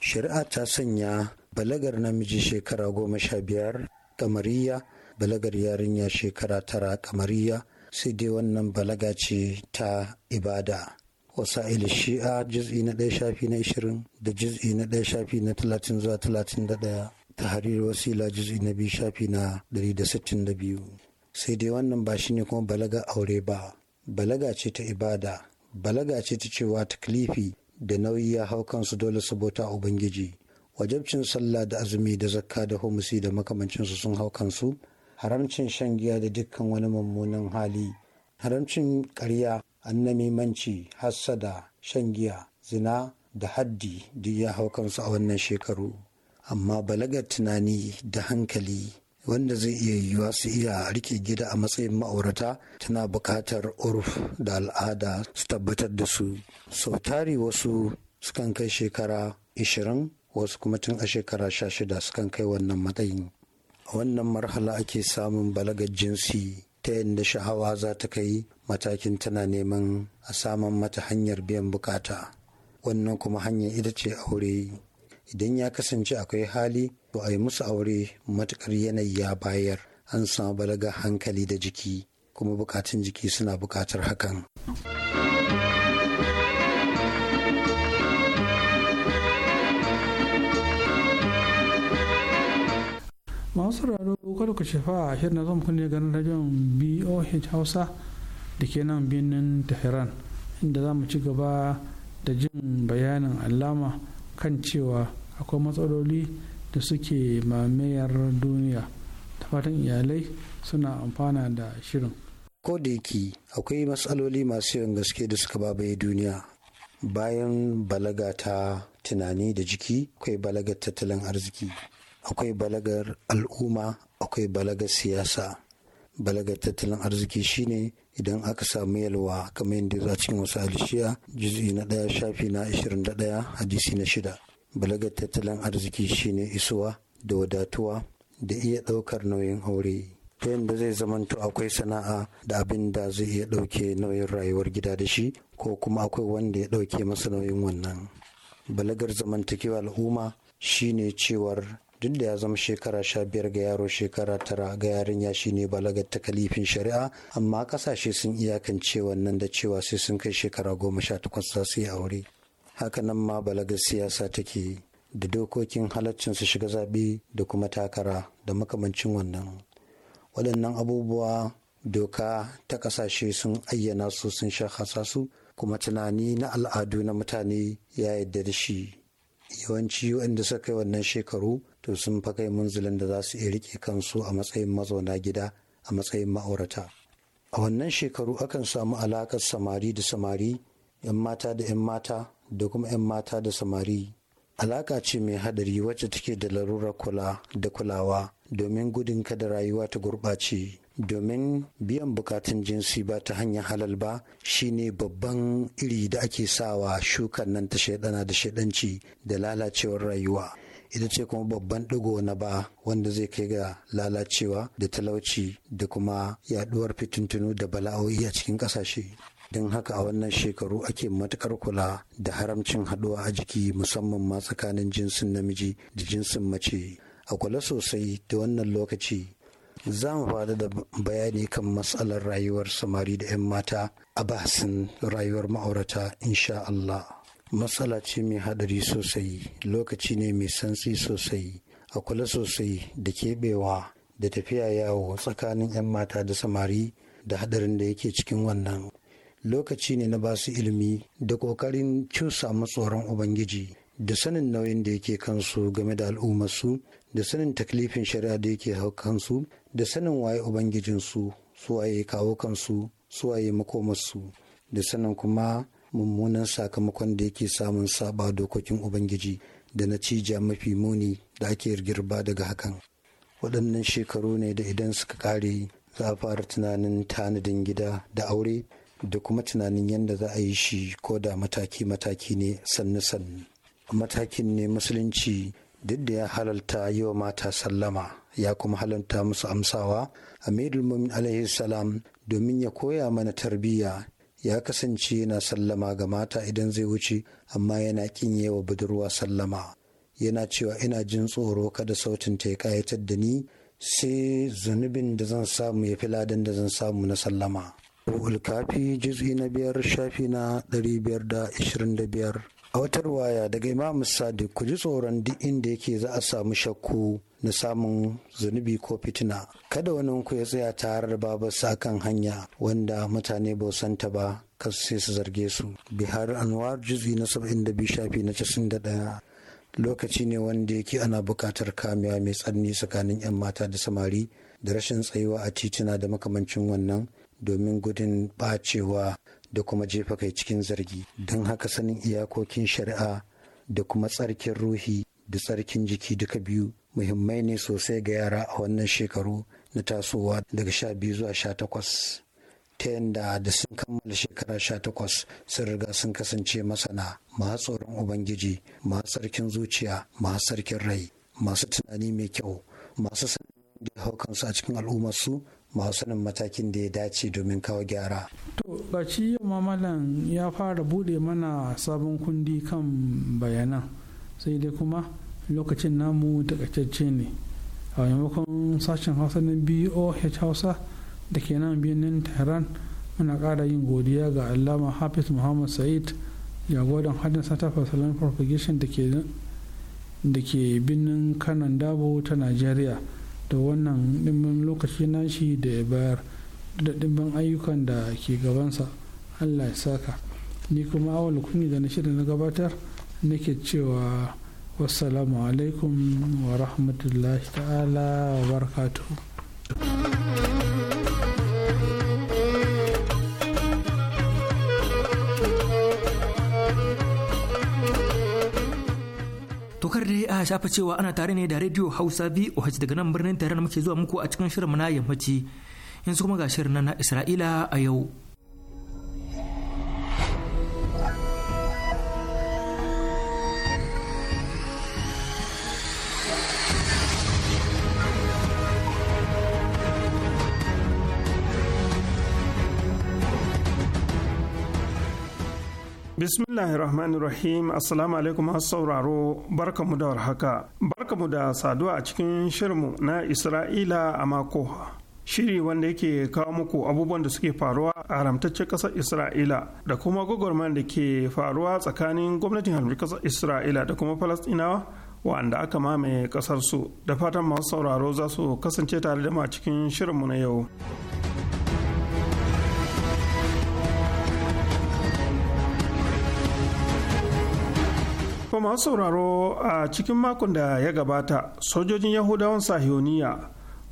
shari'a ta sanya balagar namiji shekara goma sha biyar kamariya balagar yarinya shekara tara kamariya sai dai wannan balaga ce ta ibada wasa'il shi'a jiz'i na ɗaya shafi na ishirin da jiz'i na ɗaya shafi na talatin zuwa talatin da ɗaya ta hariri wasila jiz'i na biyu shafi na ɗari da sittin da biyu sai dai wannan ba shi ne kuma balaga aure ba balaga ce ta ibada balaga ce ta cewa kilifi da nauyi ya hau kansu dole su bauta ubangiji wajabcin sallah da azumi da zakka da humusi da makamancinsu sun hau kansu haramcin shan giya da dukkan wani mummunan hali haramcin ƙarya annamimanci hassada shan giya zina da haddi duk ya hau kansu a wannan shekaru amma balagar tunani da hankali wanda zai iya yiwuwa su iya rike gida a matsayin ma'aurata tana buƙatar urf da al'ada su tabbatar da su sau tari wasu sukan kai shekara 20 wasu kuma tun a shekara 16 sukan kai wannan matsayin a wannan marhala ake samun balagar jinsi ta yadda sha'awa za ta kai matakin tana neman a saman mata hanyar biyan bukata wannan kuma hanyar ita ce aure idan ya kasance akwai hali to a yi musu aure matukar yanayi ya bayar an samu balaga hankali da jiki kuma bukatun jiki suna bukatar hakan. masu sauraro kada ku shafa a shirin zan kunne ganin rajon boh hausa da ke nan birnin tehran inda za mu ci gaba da jin bayanin alama kan cewa akwai matsaloli da suke mamayar duniya ta fatan iyalai suna amfana da shirin ko da yake akwai matsaloli masu yawan gaske da suka babaye duniya bayan balaga ta tunani da jiki akwai balagar tattalin arziki akwai balagar al'umma akwai balagar siyasa balagar tattalin arziki shine idan aka samu yalwa kamar yadda za cikin wasu alishiya juzi na ɗaya shafi na ashirin da ɗaya hadisi na shida balagar tattalin arziki shine isuwa da wadatuwa da iya ɗaukar nauyin aure ta yadda zai zamanto akwai sana'a da abin da zai iya ɗauke nauyin rayuwar gida da shi ko kuma akwai wanda ya ɗauke masa nauyin wannan balagar zamantakewa al'umma shine cewar duk da ya zama shekara sha biyar ga yaro shekara tara ga yarinya shine balagar takalifin shari'a amma kasashe sun iyakance wannan da cewa sai sun kai shekara goma sha takwas za su yi aure hakanan ma balagar siyasa take da dokokin halaccin su shiga zaɓe da kuma takara da makamancin wannan waɗannan abubuwa doka ta ƙasashe sun ayyana su sun sha su kuma tunani na al'adu na mutane ya yarda da shi yawanci wanda suka yi wannan shekaru to sun fa kai munzulin da za su iya rike kansu a matsayin mazauna gida a matsayin ma'aurata a wannan shekaru akan samu alakar samari da samari 'yan mata da 'yan mata da kuma 'yan mata da samari alaƙa ce mai hadari wacce take da larurar kula da kulawa domin gudun kada rayuwa ta gurɓace domin biyan bukatun jinsi ba ta hanyar halal ba shine babban iri da ake sawa shukan nan ta shaidana da shaidanci da lalacewar rayuwa ita ce kuma babban ɗigo na ba wanda zai kai ga lalacewa da talauci da kuma yaduwar fitintunu da bala'o'i a cikin ƙasashe don haka a wannan shekaru ake matukar kula da haramcin haɗuwa a jiki musamman ma tsakanin jinsin namiji da jinsin mace a kula sosai da wannan lokaci za mu faɗa da bayani kan matsalar rayuwar samari da 'yan mata a bahasin rayuwar ma'aurata insha Allah. matsala ce mai hadari sosai lokaci ne mai santsi sosai a kula sosai da keɓewa da tafiya yawo tsakanin 'yan mata da samari da hadarin da yake cikin wannan lokaci ne na basu ilimi da ƙoƙarin cusa tsoron ubangiji da sanin nauyin da yake kansu game da al'ummarsu da sanin taklifin shari'a da yake kansu da sanin waye ubangijinsu su waye kawo kansu su waye makomarsu da sanin kuma mummunan sakamakon da yake samun saba dokokin ubangiji da na cija mafi muni da ake girba daga hakan waɗannan shekaru ne da idan suka ƙare za a fara tunanin tanadin gida da aure da kuma tunanin yadda za a yi shi ko da mataki-mataki ne sannu-sannu matakin ne musulunci duk da ya halalta yi wa mata sallama ya kuma halalta musu amsawa a mumin alaihi salam domin ya koya mana tarbiyya ya kasance yana sallama ga mata idan zai wuce amma yana kin yawa budurwa sallama yana cewa ina jin tsoro kada sautin ta ya kayatar da ni sai zunubin da zan samu ya fi ladan da zan samu na sallama. Ulkafi juz'i na biyar shafi na 525 a watar waya daga imam sadiq ku ji tsoron duk inda yake za a samu shakku na samun zunubi ko fitina kada wani ku ya tsaya da babarsa kan hanya wanda mutane ba ta ba kasu sai su zarge su bihar anwar juzi na saba'in 72 shafi na 91 lokaci ne wanda yake ana buƙatar kamewa mai tsanani tsakanin 'yan mata da samari da rashin tsayuwa a tituna da makamancin wannan domin gudun bacewa da kuma jefa kai cikin zargi don haka sanin iyakokin shari'a da kuma tsarkin ruhi da tsarkin jiki duka biyu muhimmai ne sosai ga yara a wannan shekaru na tasowa daga sha biyu zuwa sha takwas ta yadda da sun kammala shekara sha takwas sun riga sun kasance masana masu tsoron ubangiji masu tsarkin zuciya masu tsarkin rai masu tunani mai kyau masu sanin da haukansu a cikin al'ummarsu masu nan matakin da ya dace domin kawo gyara. To gaci yau mamalan ya fara bude mana sabon kundi kan bayanan sai dai kuma lokacin namu takaitacce ne a maimakon sashen hausa na boh hausa da ke nan birnin tehran muna ƙara yin godiya ga allama hafiz muhammad sa'id jagoran hadin sata fasalan propagation da ke birnin kanan dabo ta nigeria da wannan dimbin lokaci shi da ya bayar da dimbin ayyukan da ke gabansa allah ya saka ni kuma awal kuni da na shida na gabatar nake cewa wassalamu alaikum wa rahmatullahi ta'ala wa barakatuhu kar dai a shafa cewa ana tare ne da Radio Hausa VOH daga nan birnin tare da muke zuwa muku a cikin shirin na yammaci. Yanzu kuma ga shirin na Isra'ila a yau. Bismillahirrahmanirrahim Assalamu alaikum masu sauraro barkamu da warhaka. Barkamu da saduwa a cikin shirmu na Isra'ila a mako. Shiri wanda yake kawo muku abubuwan da suke faruwa a haramtaccen ƙasar Isra'ila da kuma gwagwarmayar da ke faruwa tsakanin gwamnatin haramtaccen ƙasar Isra'ila da kuma Falastinawa wanda aka mamaye su da fatan masu sauraro za su kasance tare da mu a cikin shirinmu na yau. To masu sauraro a cikin makon da ya gabata sojojin Yahudawan Sahiyoniya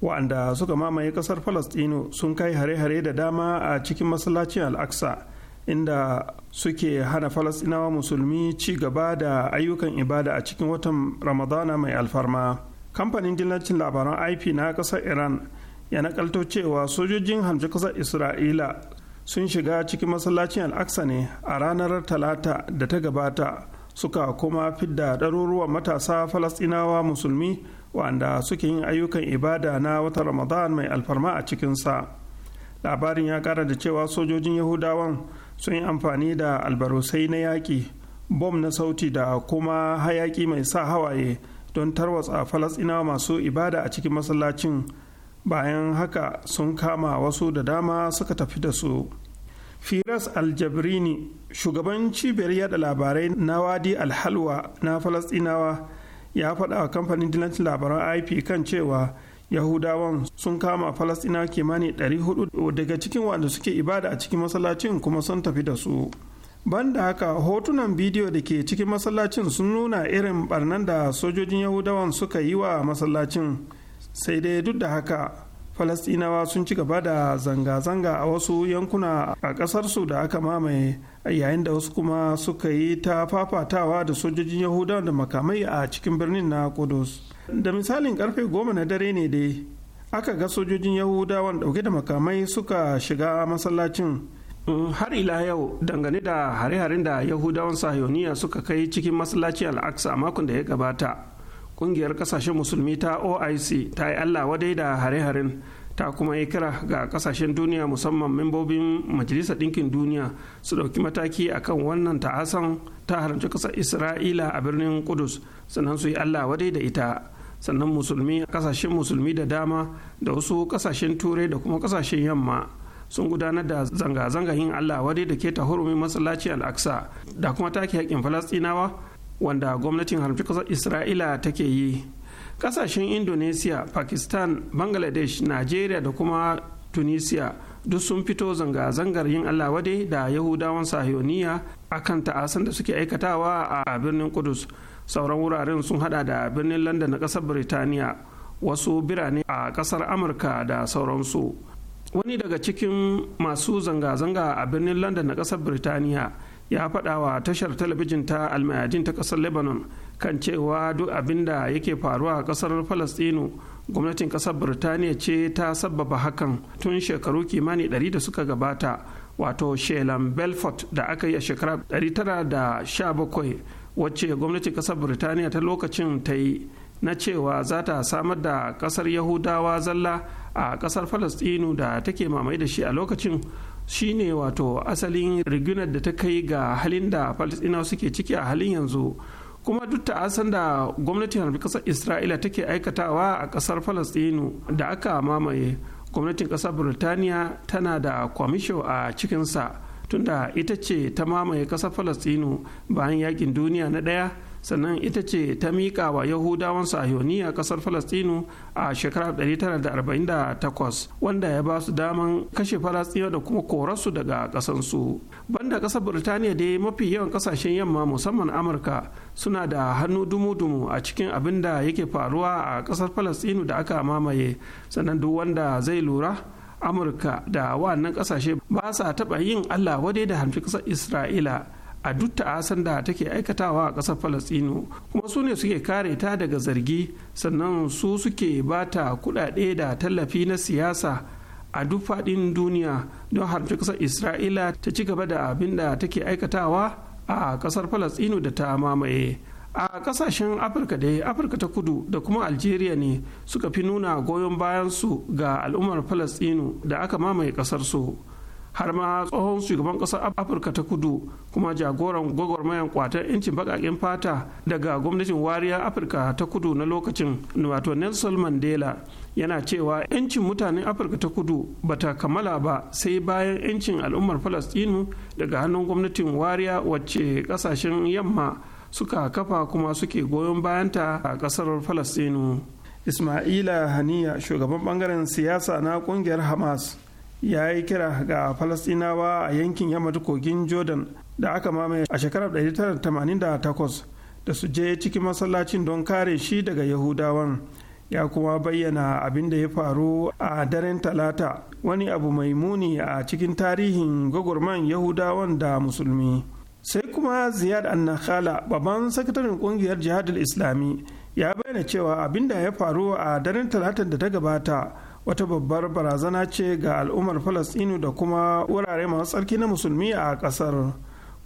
wa'anda suka mamaye ƙasar Falastinu sun kai hare-hare da dama a cikin masallacin al inda suke hana Falastinawa musulmi ci gaba da ayyukan ibada a cikin watan Ramadana mai alfarma. Kamfanin dillacin labaran IP na ƙasar Iran ya nakalto cewa sojojin hamshe ƙasar Isra'ila sun shiga cikin masallacin al ne a ranar Talata da ta gabata. suka kuma fidda ɗaruruwan matasa Falasɗinawa musulmi wanda suke yin ayyukan ibada na wata ramadan mai alfarma a cikinsa labarin ya kara da cewa sojojin yahudawan sun yi amfani da albarusai na yaƙi bom na sauti da kuma hayaƙi mai sa hawaye don tarwatsa falasɗinawa masu ibada a cikin masallacin bayan haka sun kama wasu da dama suka tafi da su. firas aljabrini shugaban cibiyar yada labarai na wadi alhalwa na falastinawa ya faɗa a kamfanin dilancin labaran ip kan cewa yahudawan sun kama falastinawa kimanin hudu daga cikin wanda suke ibada a cikin masallacin kuma sun tafi da su ban da haka hotunan bidiyo da ke cikin masallacin sun nuna irin barnan da sojojin yahudawan suka yi wa masallacin sai dai duk da haka falastinawa sun ci gaba da zanga-zanga a wasu yankuna a ƙasarsu da aka mamaye yayin da wasu kuma suka yi ta fafatawa da sojojin yahudawa da makamai a cikin birnin na kudus da misalin karfe goma na dare ne dai aka ga sojojin yahudawan ɗauke da makamai suka shiga masallacin har ila yau dangane da hare-haren da yahudawan sahiyoniya suka kai cikin masallacin al'aksa makon da ya gabata ƙungiyar ƙasashen musulmi ta oic ta yi allah wadai da hare-haren ta kuma yi kira ga kasashen duniya musamman membobin majalisar ɗinkin duniya su ɗauki mataki akan wannan ta'asan ta haramci ƙasar isra'ila a birnin kudus sannan su yi allah wadai da ita sannan musulmi kasashen musulmi da dama da wasu ƙasashen turai da kuma ƙasashen yamma sun gudanar da zanga-zanga yin allah wadai da ke ta hurumin masallaci al'aksa da kuma take haƙƙin falastinawa wanda gwamnatin harfi kasar isra'ila take yi kasashen indonesia pakistan bangladesh nigeria da kuma tunisia duk sun fito zanga-zangar yin allah wade da yahudawan sahiyoniya akan ta'asan da suke aikatawa a birnin kudus sauran wuraren sun hada da birnin london na kasar birtaniya wasu birane a kasar amurka da sauransu wani daga cikin masu zanga-zanga a birnin london na kasar birtaniya ya faɗa wa tashar talabijin ta almayajin ta ƙasar lebanon kan cewa duk abin da yake faruwa a ƙasar falastinu gwamnatin ƙasar birtaniya ce ta sabbaba hakan tun shekaru kimani ɗari da suka gabata wato shelan belfort da aka yi a shekara 917 wacce gwamnatin ƙasar birtaniya ta lokacin ta yi na cewa za ta samar da ƙasar yahudawa zalla a ƙasar falastinu da take mamaye da shi a lokacin shine wato asalin rigunar da ta kai ga halin da palestinawa suke ciki a halin yanzu kuma duk ta asan da gwamnatin harbi kasar isra'ila take aikatawa a kasar falastinu da aka mamaye gwamnatin kasar birtaniya tana da kwamisho a cikinsa tunda ita ce ta mamaye kasar falastinu bayan yakin duniya na ɗaya sannan ita ce ta miƙa wa yahudawan sahiyoni a ƙasar falastinu a shekarar 1948 wanda ya ba su daman kashe falastinu da kuma korarsu daga ƙasansu banda ƙasar birtaniya dai mafi yawan ƙasashen yamma musamman amurka suna da hannu dumu-dumu a cikin abin da yake faruwa a ƙasar falastinu da aka mamaye sannan duk wanda zai lura amurka da wannan ƙasashe ba sa taɓa yin allah wadai da hamshi ƙasar isra'ila a duk ta'asan da take aikatawa a ƙasar falastino kuma su ne suke kare ta daga zargi sannan su suke bata ta kuɗaɗe da tallafi na siyasa a duk faɗin duniya don harfi ƙasar isra'ila ta ci gaba da abin da take aikatawa a ƙasar falastino da ta mamaye a kasashen afirka da afirka ta kudu da kuma algeria ne suka fi nuna goyon bayan su ga al'ummar falastinu da aka mamaye su. har ma tsohon shugaban ƙasar afirka ta kudu kuma jagoran gwagwarmayan kwatar 'yancin baƙaƙen fata daga gwamnatin wariyar afirka ta kudu na lokacin wato nelson mandela yana cewa 'yancin mutanen afirka ta kudu bata kammala ba sai bayan 'yancin al'ummar falastinu daga hannun gwamnatin wariya wacce kasashen yamma suka kafa kuma suke goyon bayanta a kasar falastinu ismaila haniya shugaban bangaren siyasa na kungiyar hamas ya yi kira ga falastinawa a yankin yamata kogin jordan da aka mamaye a shekarar 1988 da su je cikin masallacin don kare shi daga yahudawan ya kuma bayyana abin da ya faru a daren talata wani abu mai muni a cikin tarihin gwagwarman yahudawan da musulmi sai kuma ziyad annakhala babban sakataren kungiyar jihadul islami ya bayyana cewa abin da ya faru a daren talatin da ta gabata wata babbar barazana ce ga al'ummar falasɗinu da kuma wurare masu tsarki na musulmi a ƙasar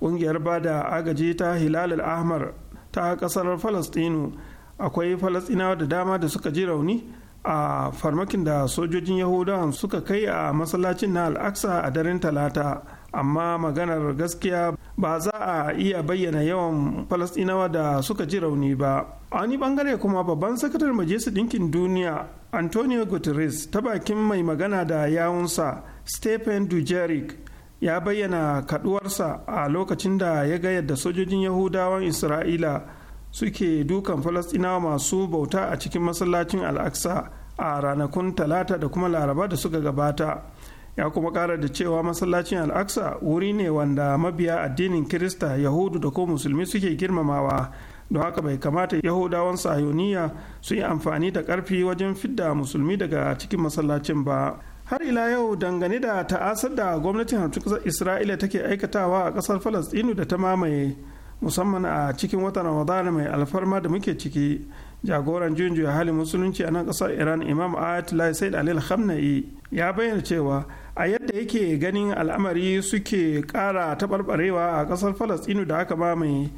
ƙungiyar bada agaji ta hilal ahmar ta ƙasar falasɗinu akwai falasɗinawa da dama da suka ji rauni a farmakin da sojojin yahudawan suka kai a masallacin na al'aksa a daren talata amma maganar gaskiya ba za a iya bayyana yawan falasɗinawa da suka ji rauni ba a wani bangare kuma babban sakatar majalisar ɗinkin duniya antonio guterres ta bakin mai magana da yawunsa stephen dujeric ya bayyana kaduwarsa a lokacin da ya ga yadda sojojin yahudawan isra'ila suke dukan falastinawa masu bauta a cikin masallacin al'aksa a ranakun talata da kuma laraba da suka gabata ya kuma kara da cewa masallacin al'aksa wuri ne wanda mabiya addinin kirista yahudu da ko musulmi suke girmamawa don haka bai kamata yahudawan sayoniya su yi amfani da karfi wajen fidda musulmi daga cikin masallacin ba har ila yau dangane da ta'asar da gwamnatin harcin ƙasar isra'ila take aikatawa a ƙasar falastinu da ta mamaye musamman a cikin watan ramadan mai alfarma da muke ciki jagoran juyin halin musulunci a nan ƙasar iran imam ayatollah sai alil khamnai ya bayyana cewa a yadda yake ganin al'amari suke kara taɓarɓarewa a ƙasar falastinu da aka ba mai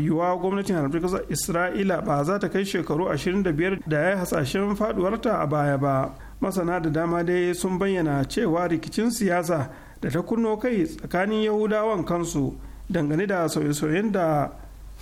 yiwuwa gwamnatin harfin ƙasar isra'ila ba za ta kai shekaru 25 da ya yi hasashen faɗuwarta a baya ba masana da dama dai sun bayyana cewa rikicin siyasa da ta kunno kai tsakanin yahudawan kansu dangane da sauye-sauyen da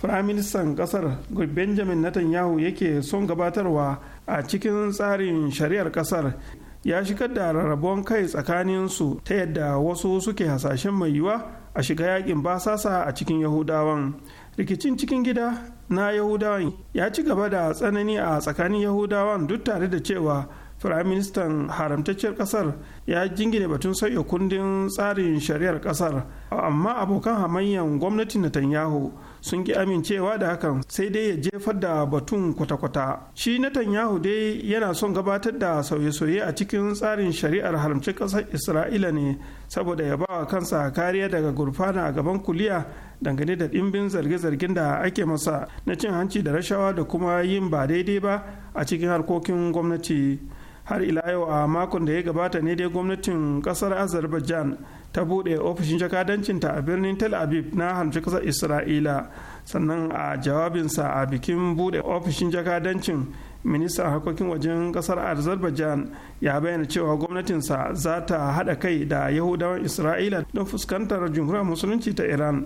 firaministan kasar benjamin netanyahu yake son gabatarwa a cikin tsarin shari'ar ƙasar. ya shigar da rarrabuwan kai tsakanin su ta yadda wasu suke hasashen mai yiwuwa a shiga yakin basasa a cikin yahudawan rikicin cikin gida na yahudawan ya ci gaba da tsanani a tsakanin yahudawan duk tare da cewa firaministan haramtacciyar kasar ya jingine batun sauya kundin tsarin shari'ar kasar amma abokan hamayyan gwamnatin netanyahu sun ki amincewa da hakan sai dai ya jefar da batun kwata-kwata shi Netanyahu dai yana son gabatar da sauye-sauye a cikin tsarin shari'ar haramci ƙasar Isra'ila ne saboda ya bawa kansa kariya daga gurfana a gaban kuliya dangane da ɗimbin zarge-zargen da ake masa na cin hanci da rashawa da kuma yin ba daidai ba a cikin harkokin gwamnati har ila yau a makon da ya gabata ne dai gwamnatin ƙasar Azerbaijan ta buɗe ofishin jakadancinta a birnin tel aviv na hamshi ƙasar isra'ila sannan a jawabinsa a bikin buɗe ofishin jakadancin ministan harkokin wajen ƙasar azerbaijan ya bayyana cewa gwamnatinsa za ta haɗa kai da yahudawan isra'ila don fuskantar jumhuriyar musulunci ta iran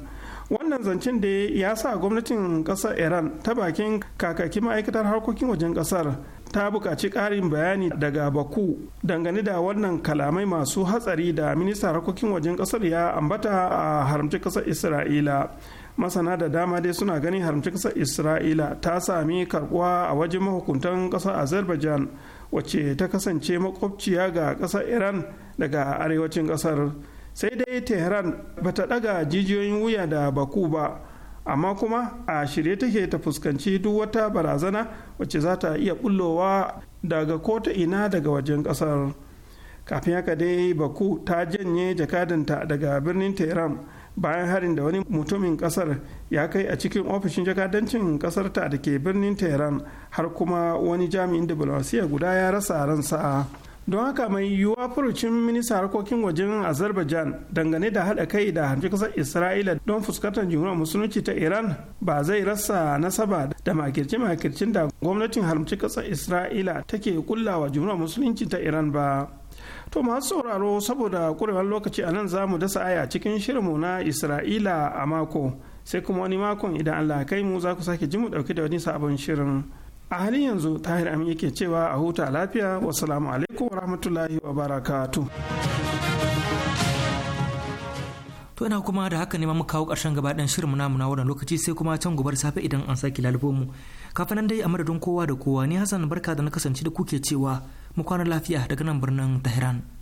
wannan zancen da ya sa gwamnatin ƙasar iran ta bakin kakakin ma'aikatar harkokin wajen ƙasar ta buƙaci ƙarin bayani daga baku dangane da wannan kalamai masu hatsari da minista harkokin wajen ƙasar ya ambata a haramci kasar isra'ila masana da dama dai suna ganin haramci kasar isra'ila ta sami karbuwa a wajen mahukuntan ƙasar azerbaijan wacce ta kasance makwabciya ga ƙasar iran daga arewacin ƙasar sai dai tehran bata ɗaga jijiyoyin wuya da baku ba amma kuma a shirye take ta fuskanci duk wata barazana wacce za ta iya bullowa daga kota ina daga wajen kasar kafin haka dai baku ta janye jakadanta daga birnin tehran bayan harin da wani mutumin kasar ya kai a cikin ofishin jakadancin kasar ta da ke birnin tehran har kuma wani jami'in diplomasiya guda ya rasa ransa don haka mai yiwuwa furucin ministan harkokin wajen azerbaijan dangane da haɗa kai da hanci kasar isra'ila don fuskantar jihunan musulunci ta iran ba zai rasa nasaba da makirce-makircin da gwamnatin harfi kasar isra'ila take kullawa jihunan musulunci ta iran ba to masu sauraro saboda kurewar lokaci a nan za mu dasa aya cikin shirinmu na isra'ila a mako sai kuma wani makon idan allah kai mu za ku sake ji mu ɗauki da wani sabon shirin a halin yanzu tahir amin yake cewa a huta lafiya wasalamu alaikum warahmatullahi barakatu to ina kuma da haka ne ma mu kawo karshen gaba ɗan shirin namu na wannan lokaci sai kuma can gobar safe idan an sake lalubo mu kafin dai a madadin kowa da kowa ni hassan barka da na kasance da kuke cewa mu kwana lafiya daga nan birnin tehran